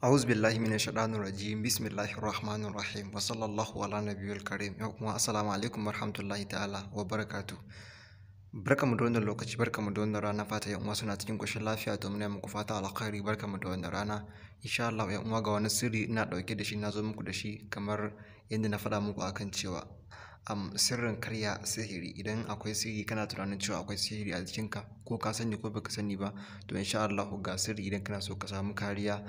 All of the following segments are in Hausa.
A'udhu billahi minash shaitanir a Bismillahir rahmanir rahim. Wa sallallahu ala nabiyil karim. Yau kuma assalamu alaikum warahmatullahi ta'ala wa barakatuh. Barkamu da wannan lokaci, barkamu da wannan rana fata yan uwa suna cikin koshin lafiya domin muku fata alkhairi, barkamu da wannan rana. Insha Allah yan uwa ga wani sirri ina dauke da shi na zo muku da shi kamar yadda na faɗa muku akan cewa um, sirrin karya sihiri idan akwai sihiri kana tunanin cewa akwai sihiri a jikinka ko ka sani ko baka sani ba to insha Allah ga sirri idan kana so ka samu kariya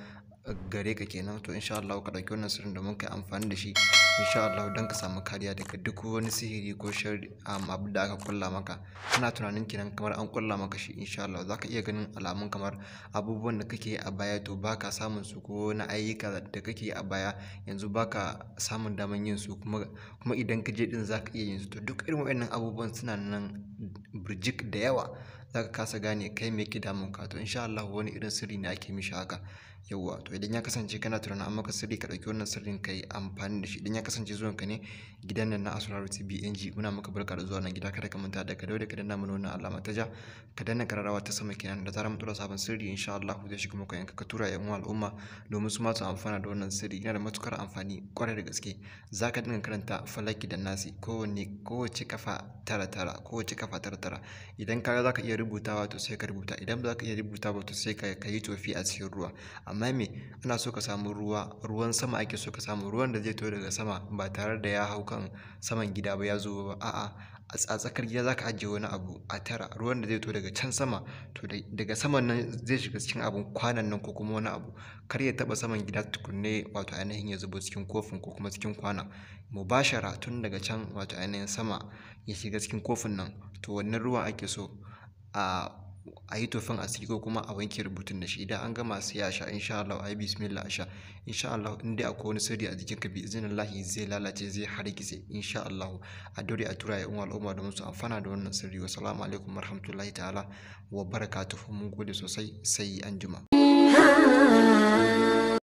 gare ka kenan to insha Allah ka ɗauki wannan sirrin domin ka amfani da shi insha Allah don ka samu kariya daga duk wani sihiri ko shari abu da aka kulla maka kana tunanin kenan kamar an kulla maka shi insha Allah za iya ganin alamun kamar abubuwan da kake a baya to ba ka samun su ko na ayyuka da kake a baya yanzu ba ka samun daman yin su kuma kuma idan ka je din zaka ka iya yin su to duk irin waɗannan abubuwan suna nan birjik da yawa za ka kasa gane kai me yake damun ka to insha Allah wani irin sirri ne ake mishi haka yawwa to idan ya kasance kana tunanin an maka sirri ka ɗauki wannan sirrin ka yi amfani da shi idan ya kasance zuwan ka ne gidan nan na Asrar TV muna maka barka da zuwa nan gida kada ka manta da ka dawo da ka danna mana wannan alama ta ja ka danna kararrawa ta sama kenan da zarar mun tura sabon sirri insha Allah zai shiga muku yanka ka tura yan al'umma domin su ma su amfana da wannan sirri yana da matukar amfani kwarai da gaske zaka dinga karanta falaki da nasi kowanne kowace kafa tara tara kowace kafa tara tara idan ka ga zaka iya rubutawa to sai ka rubuta idan ba za ka iya rubuta ba to sai ka yi tofi a cikin ruwa amma me ana so ka samu ruwa ruwan sama ake so ka samu ruwan da zai to daga sama ba tare da ya hau kan saman gida ba ya zo ba a'a a tsakar gida za ka ajiye wani abu a tara ruwan da zai to daga can sama to daga saman nan zai shiga cikin abun kwanan nan ko kuma wani abu kar ya taba saman gida tukunne wato ainihin ya zubo cikin kofin ko kuma cikin kwanan mubashara tun daga can wato ainihin sama ya shiga cikin kofin nan to wannan ruwan ake so a a yi tofin asiri ko kuma a wanke rubutun da shi idan an gama sai a sha insha Allah ai bismillah a insha Allah in dai akwai wani sirri a jikin ka bi iznillahi zai lalace zai hargitse insha Allah a dore a tura ya umma al'umma domin su amfana da wannan sirri wa salamu alaikum warahmatullahi ta'ala wa barakatuhu mun gode sosai sai anjima